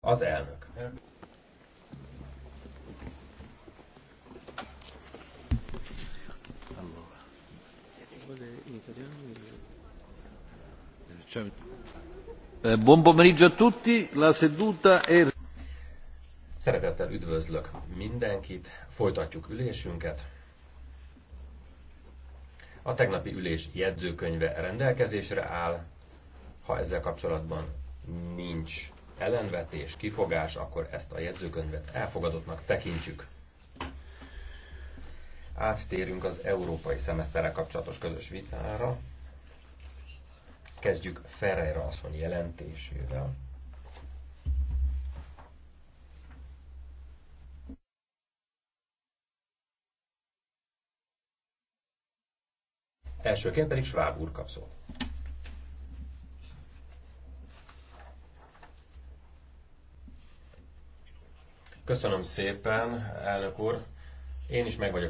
Az elnök. Eh, buon pomeriggio a tutti, la seduta è... Szeretettel üdvözlök mindenkit, folytatjuk ülésünket. A tegnapi ülés jegyzőkönyve rendelkezésre áll, ha ezzel kapcsolatban nincs ellenvetés, kifogás, akkor ezt a jegyzőkönyvet elfogadottnak tekintjük. Áttérünk az európai szemeszterrel kapcsolatos közös vitára. Kezdjük Ferreira asszony jelentésével. Elsőként pedig Schwab úr kap szót. Köszönöm szépen, elnök úr. Én is meg vagyok